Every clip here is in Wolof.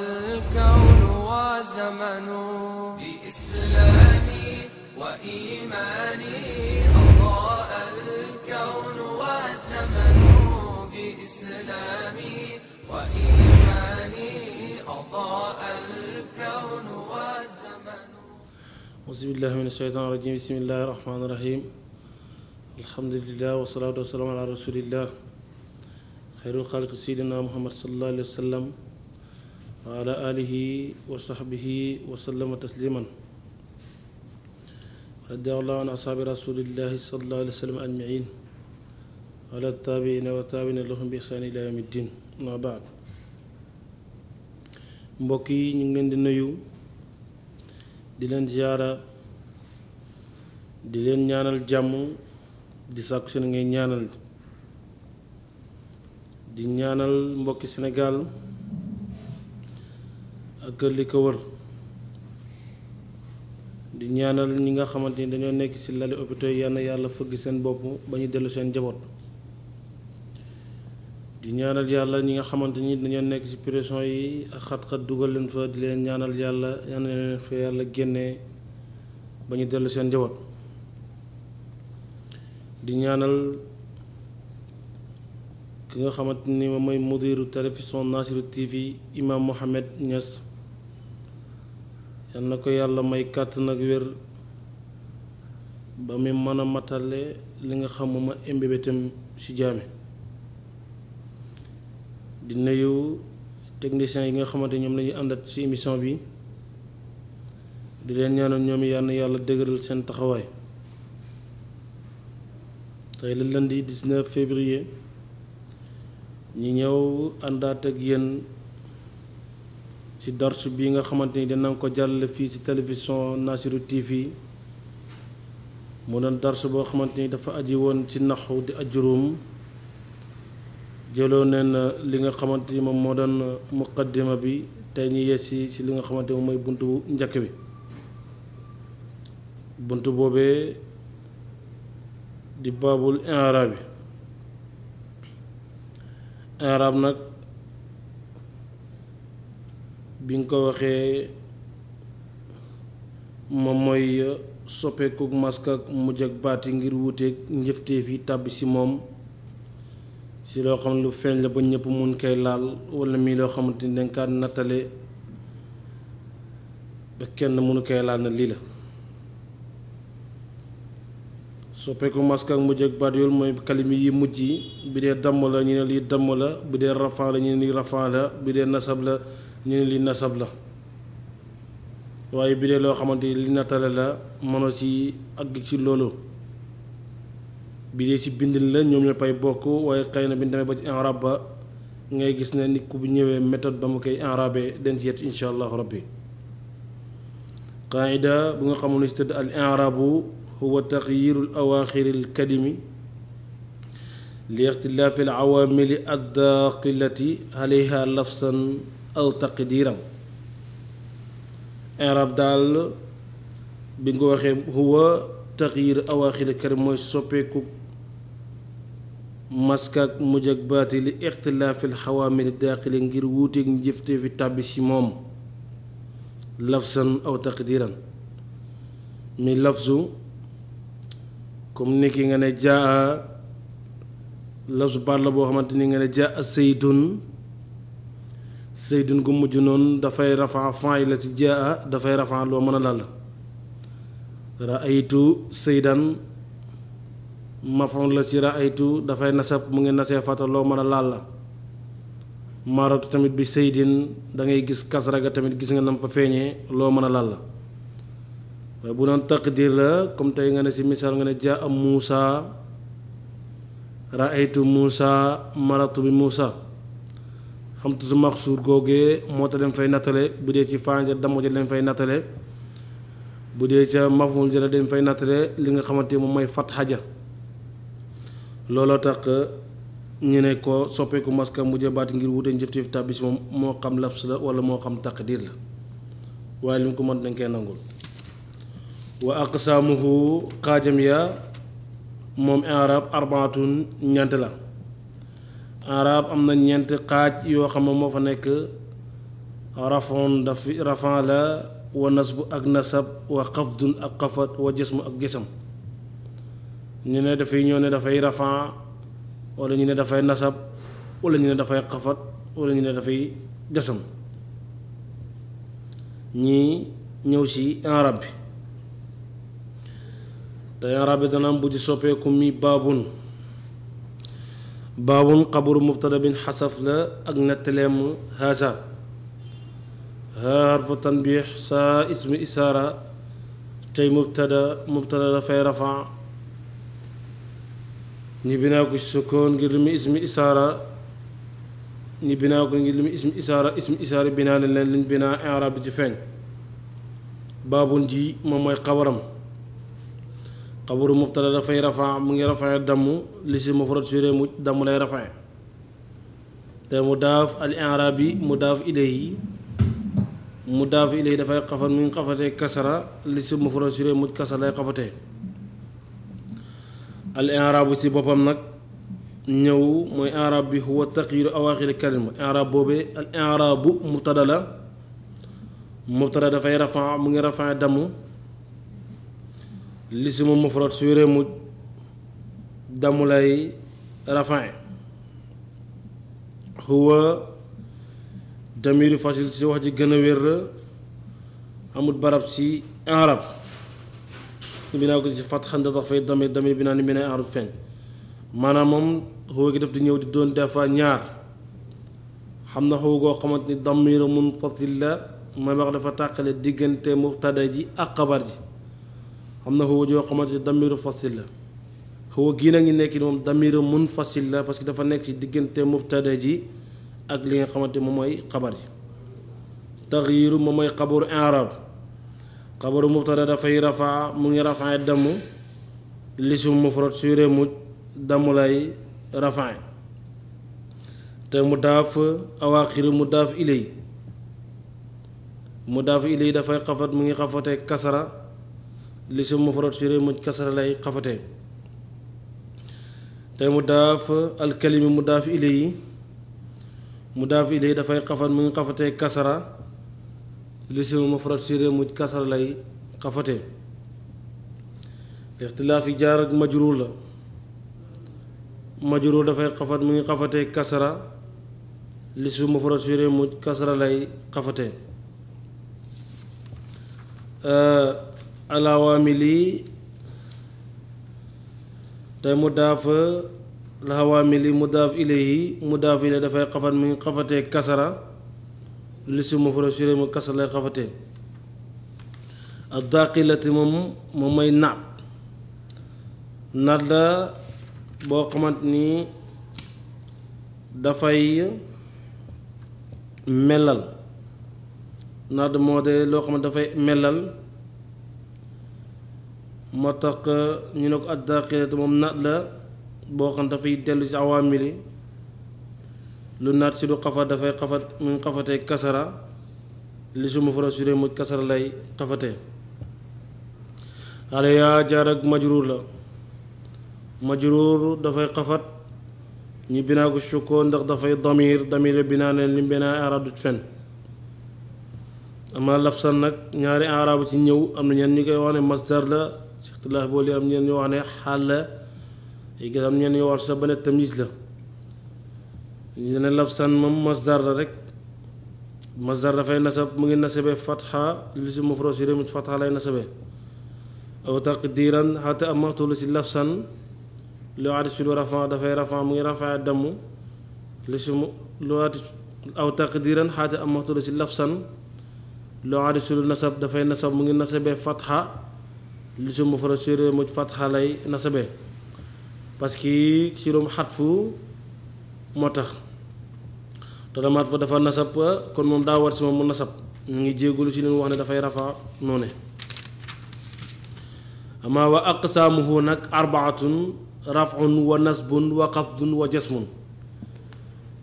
الكون وزمن بإسلامي وإيماني أضاء الكون والزمن بإسلامي وإيماني أضاء الكون والزمن أعوذ بالله من الشيطان الرجيم بسم الله الرحمن الرحيم الحمد لله والصلاة والسلام على رسول الله خير الخلق سيدنا محمد صلى الله عليه وسلم wa ala alihi wa sahbihi wa sallama tasliman radiallahu an ashaabi rasulillahi sallallahu alayhi wa sallam ajmain wa ala taabiina wa taabiina lahum ma baad mbokk yi ñu ngi leen di nuyu di leen ziyaara di leen ñaanal jàmm di sàkku seen ngay ñaanal di ñaanal mbokki senegaal ak li ko wër di ñaanal ñi nga xamante ni dañoo nekk ci lali hôpitaux yan yàlla fëgg seen bopp ba ñu dellu seen njaboot di ñaanal yàlla ñi nga xamante ni dañoo nekk ci pression yi ak dugal leen di leen ñaanal yàlla yal na leen fa yàlla ba ñu dellu seen njaboot di ñaanal ki nga xamante ni moom mooy mudiru télévision Nassirou TV imam Mohamed Niass yal na ko yàlla may kàttan ak wér ba mu mën a matale li nga xam moom imbébétam ci jaame di nuyu techniciens yi nga xamante ñoom lañuy àndat ci émission bi di leen ñaanal ñoom yal yàlla dëgëral seen taxawaay tey la lundi 19 ñi ñëw àndaat ak yéen ci dars bi nga xamante ni nanga ko jàll fii si télévision Nassirou TV mu doon dars boo xamante ni dafa aji woon ci naxu di ajurum jëloo na li nga xamante ni moom moo doon muqaddima bi tey ñu yesi si li nga xamante ni moom mooy bunt bu njëkk bi bunt boobee di baabul inraab bi inraab nag bi nga ko waxee moom mooy soppeeku mask ak mujj ak baati ngir wuuteeg njëftee yi tàbbi si moom si loo xam lu feeñ la ba ñëpp mun koy laal wala mii loo xamante ni dañ kaa nattale ba kenn mënu koy laal na lii la soppeeku mask ak mujj ak baat yooyu mooy kalimi yi mujj bi dee damm la ñu ne lii damm la bi dee rafan la ñu lii rafan la bi dee nasab la ñu ne li nasab la waaye bi loo xamante li natale la mënoo si àgg ci loolu bi dee si la ñoom ñoo pay bokk waaye xëy na bi demee ba ci enrab ba ngay gis ne nit ku bu ñëwee méthode ba mu koy enrabee den yet insha rabbi qaida bu nga xamul ne tëdd al enrabu huwa taxyiru awaaxiri l li ixtilaafi al awaamili ad daaqilati alayha lafsan aw taqdiiram irab daal bi nga waxee huwa taxyir awaaxiri karim mooy soppeeku maskak mujj ak baati ixtilaafil xawaamili daaxile ngir wuuteeg njëftee fi tàbbi si moom lafsan aw taqdiiran mi lafsu comme ni ki nga ne jaa lafzu baat la boo xamante ni nga ne jaa saytun seydin gu mujj noonu dafay rafaa fan la ci jaa dafay rafaa loo mën a lal raaytu seydan mafoon la ci raaytu dafay nasab mu ngi nasee fata loo mën a laal la maratu tamit bi seydin dangay gis kasra ga tamit gis nga nam fa feeñee loo mën a laal la waaye bu doon taqdir la comme tey nga ne si misaal nga ne jaa am muusa raaytu muusa maratu bi muusa xamtu su maxsuur googee moo tax leen fay nattale bu dee ci faanja damu ja leen fay nattale bu dee ca maful jëla leen fay nattale li nga xamante moom mooy fatxa ja looloo tax ñu ne ko soppeeku maska mujje baat ngir wuute njëfteef tàbbis moom moo xam lafs la wala moo xam diir la waaye li mu ko mën dañ koy nangul wa aqsaamuhu xaajam ya moom inrab arbaatun ñant la arab am na ñeent xaaj yoo xam moo fa nekk rafon dafi rafan la wa nasbu ak nasab wa xafdun ak xafat wa jismu ak gisam ñu ne dafay ñoo ne dafay rafan walla ñu ne dafay nasab wala ñu ne dafay xafat wala ñu ne dafay jasam ñii ñëw si arab bi te arab bi dana am soppeeku mi baabun baabun xabru mubtada bin xasaf la ak nettaleem haasa haa harfu tanbiix saa ismu isaara tey mubtada mubtada dafay rafaa ñi binaa ko sukkoon ngir li mu ismu isaara ñi binaa ko ngir li mu ismu isaara ismu isaara binaa ne leen binaa i'raab bi ci feeñ baabun ji moom mooy xabaram xabaru mubtada dafay rafaa mu ngi rafaa damm li si mufrad suré mu damm mu daaf al i'raab yi mu daaf ilayhi mu daaf ilayhi dafay xafat mu ngi xafatee lay xafatee al si boppam nag ñëw mooy i'raab bi huwa taqyiiru awaaxiri dafay rafaa mu ngi rafaa damm lismu mufrad suuree mu damu lay rafan huwa damiru fasil si wax ji gën a wér amul barab si arab naa ko si fat xan da tax fay damir damir binaa ni binaa arab feeñ maanaam moom huwa gi def di ñëw di doon des fois ñaar xam na huwa goo xamante ni damiru munfasil la mooy wax dafa tàqale diggante mubtada ji ak xabar ji xam na xëwa joo xamante damiru fasil la xëwa gii na ngi nekki moom damiru mun fasil la parce que dafa nekk ci diggante mubtada ji ak li nga xamante moom mooy xabar yi taxyiru moom mooy xabaru i'raab xabaru mubtada dafay rafaa mu ngi rafaa damm lisum mufrad suy remuj damm lay rafaa te mudaaf awaaxiru mudaaf ilay mudaaf ilay dafay xafat mu ngi xafate kasara lisim mufarad su ree muj kasara lay xafatee tey mu daaf alkalimi mu daaf ilayi mu daaf ilayi dafay xafat mu ngi xafatee kasara lisim mufarad muj kasara lay xafatee ixtilaaf yi jaar ak la majruur dafay xafat mu ngi xafatee kasara lisim mufarad ree muj kasara lay xafatee alawamili te mudaaf alawamili mudaaf ilayhi mudaaf ilayhi dafay xafat mu ngi xafatee kasara li si mu fara suré mu kasara lay xafatee ak daqilati moom moom may naat naat la boo xamante ni dafay melal naat moo de loo xamante dafay melal moo tax euh, ñu ne ko addaaxilatu moom naat la boo xam dafay dellu ci awaamili lu naat si du xafat dafay xafat mu ngi kasara li suma fara su dee mu kasara lay xafate xale yaa jaar ak majruur la majruur dafay xafat ñu binaa ko sukkoon ndax dafay damir damir binaa ne li binaa arabut fen ama lafsan nag ñaari arabu ci ñëw am na ñeen ñu koy wax ne masdar la ixtilaaf boobu li am ñeen ñoo wax ne xaal la yi am ñeen ñoo wax sa ba ne tamis la ñu ne lafsan moom masdar la rek masdar dafay nasab mu ngi nasabe fatxa lu si mufros yi remit fatxa lay nasabe aw taqdiran xata amatu lafsan lu aati mu ngi rafaa damu lu si mu lu aati aw taqdiran xata nasab dafay nasab mu ngi nasabe fatxa lisum mufarasir muj fatxa lay nasabe parce que sirum xatfu moo tax te damaat fa dafa nasab kon moom daa war si moom mu nasab mu ngi jéegulu si leen wax ne dafay rafa noone amaa wa aqsaamuhu nag arbaatun rafun wa nasbun wa xafdun wa jasmun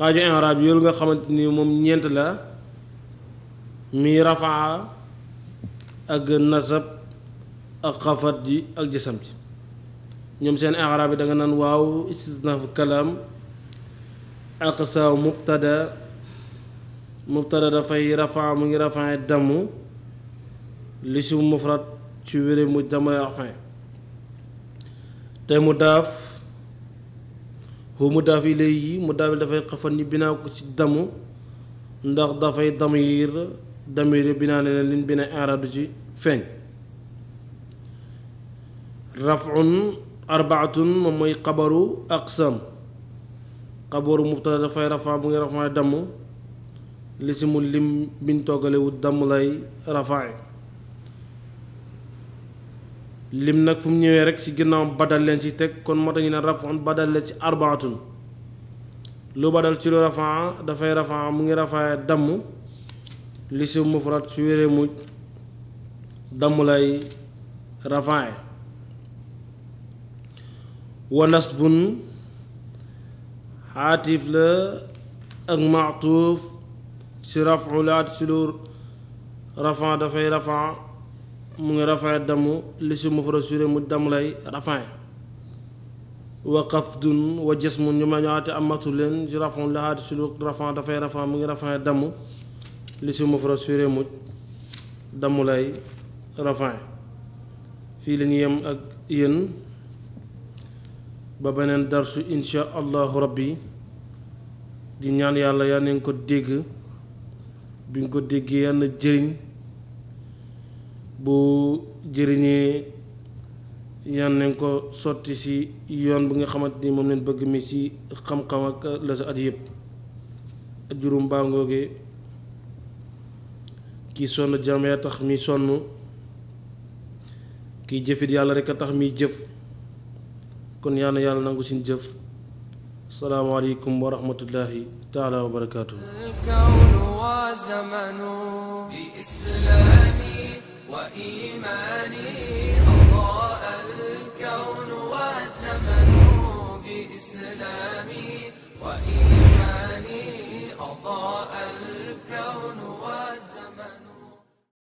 xaaju inraab yoolu nga xamante ni moom ñeent la mi rafaa ak nasab ak xafat ji ak jësam ci ñoom seen i'raab yi da naan waaw istisnaaf kalaam aqsa mubtada mubtada dafay rafaa mu ngi rafaa damu li si ci wére mu damay rafaa te mu daaf hu mu daaf ilayhi mu daaf dafay xafat ñi binaa ko ci damu ndax dafay damir damir yi binaa leneen liñ bina i'raab ci feeñ rafun arbaatun moom mooy xabaru aqsam xabaru mubtada dafay rafa bu ngi rafa damm lisimu lim biñ toggalewut damm lay rafaay lim nag fu mu ñëwee rek ci ginnaaw badal leen si teg kon moo tax ñu ne rafun badal leen si arbaatun lu badal ci lu rafa dafay rafa mu ngi rafaay damm li si mufrad wéree mujj damm lay rafaay wa nasbun xaatif la ak maxtuuf si rafu laat si lu rafan dafay rafan mu ngi rafan damu li si mufrad sure mu damu lay rafan wa xafdun wa jismun ñu ma ñaate amatu leen si rafun laat si lu rafan dafay rafan mu ngi rafan damu li si mufrad sure mu damu lay rafan fii la yem ak yéen ba beneen darsu insha allahu rabbi di ñaan yàlla yaa neen ko dégg bi nga ko déggee yàlla jëriñ bu jëriñee yàlla neen ko sotti ci yoon bi nga xamante ni moom leen bëgg mi ci xam-xam ak la sa at yëpp ak juróom ngoogee kii sonn jaam yaa tax mi sonn kii jëfit yàlla rekk a tax miy jëf kon yaa na yàlla nangu suñu jëf asalaamaaleykum wa rahmatullahi taala wa barakaatu. الكون والزمن بإسلامي وإيماني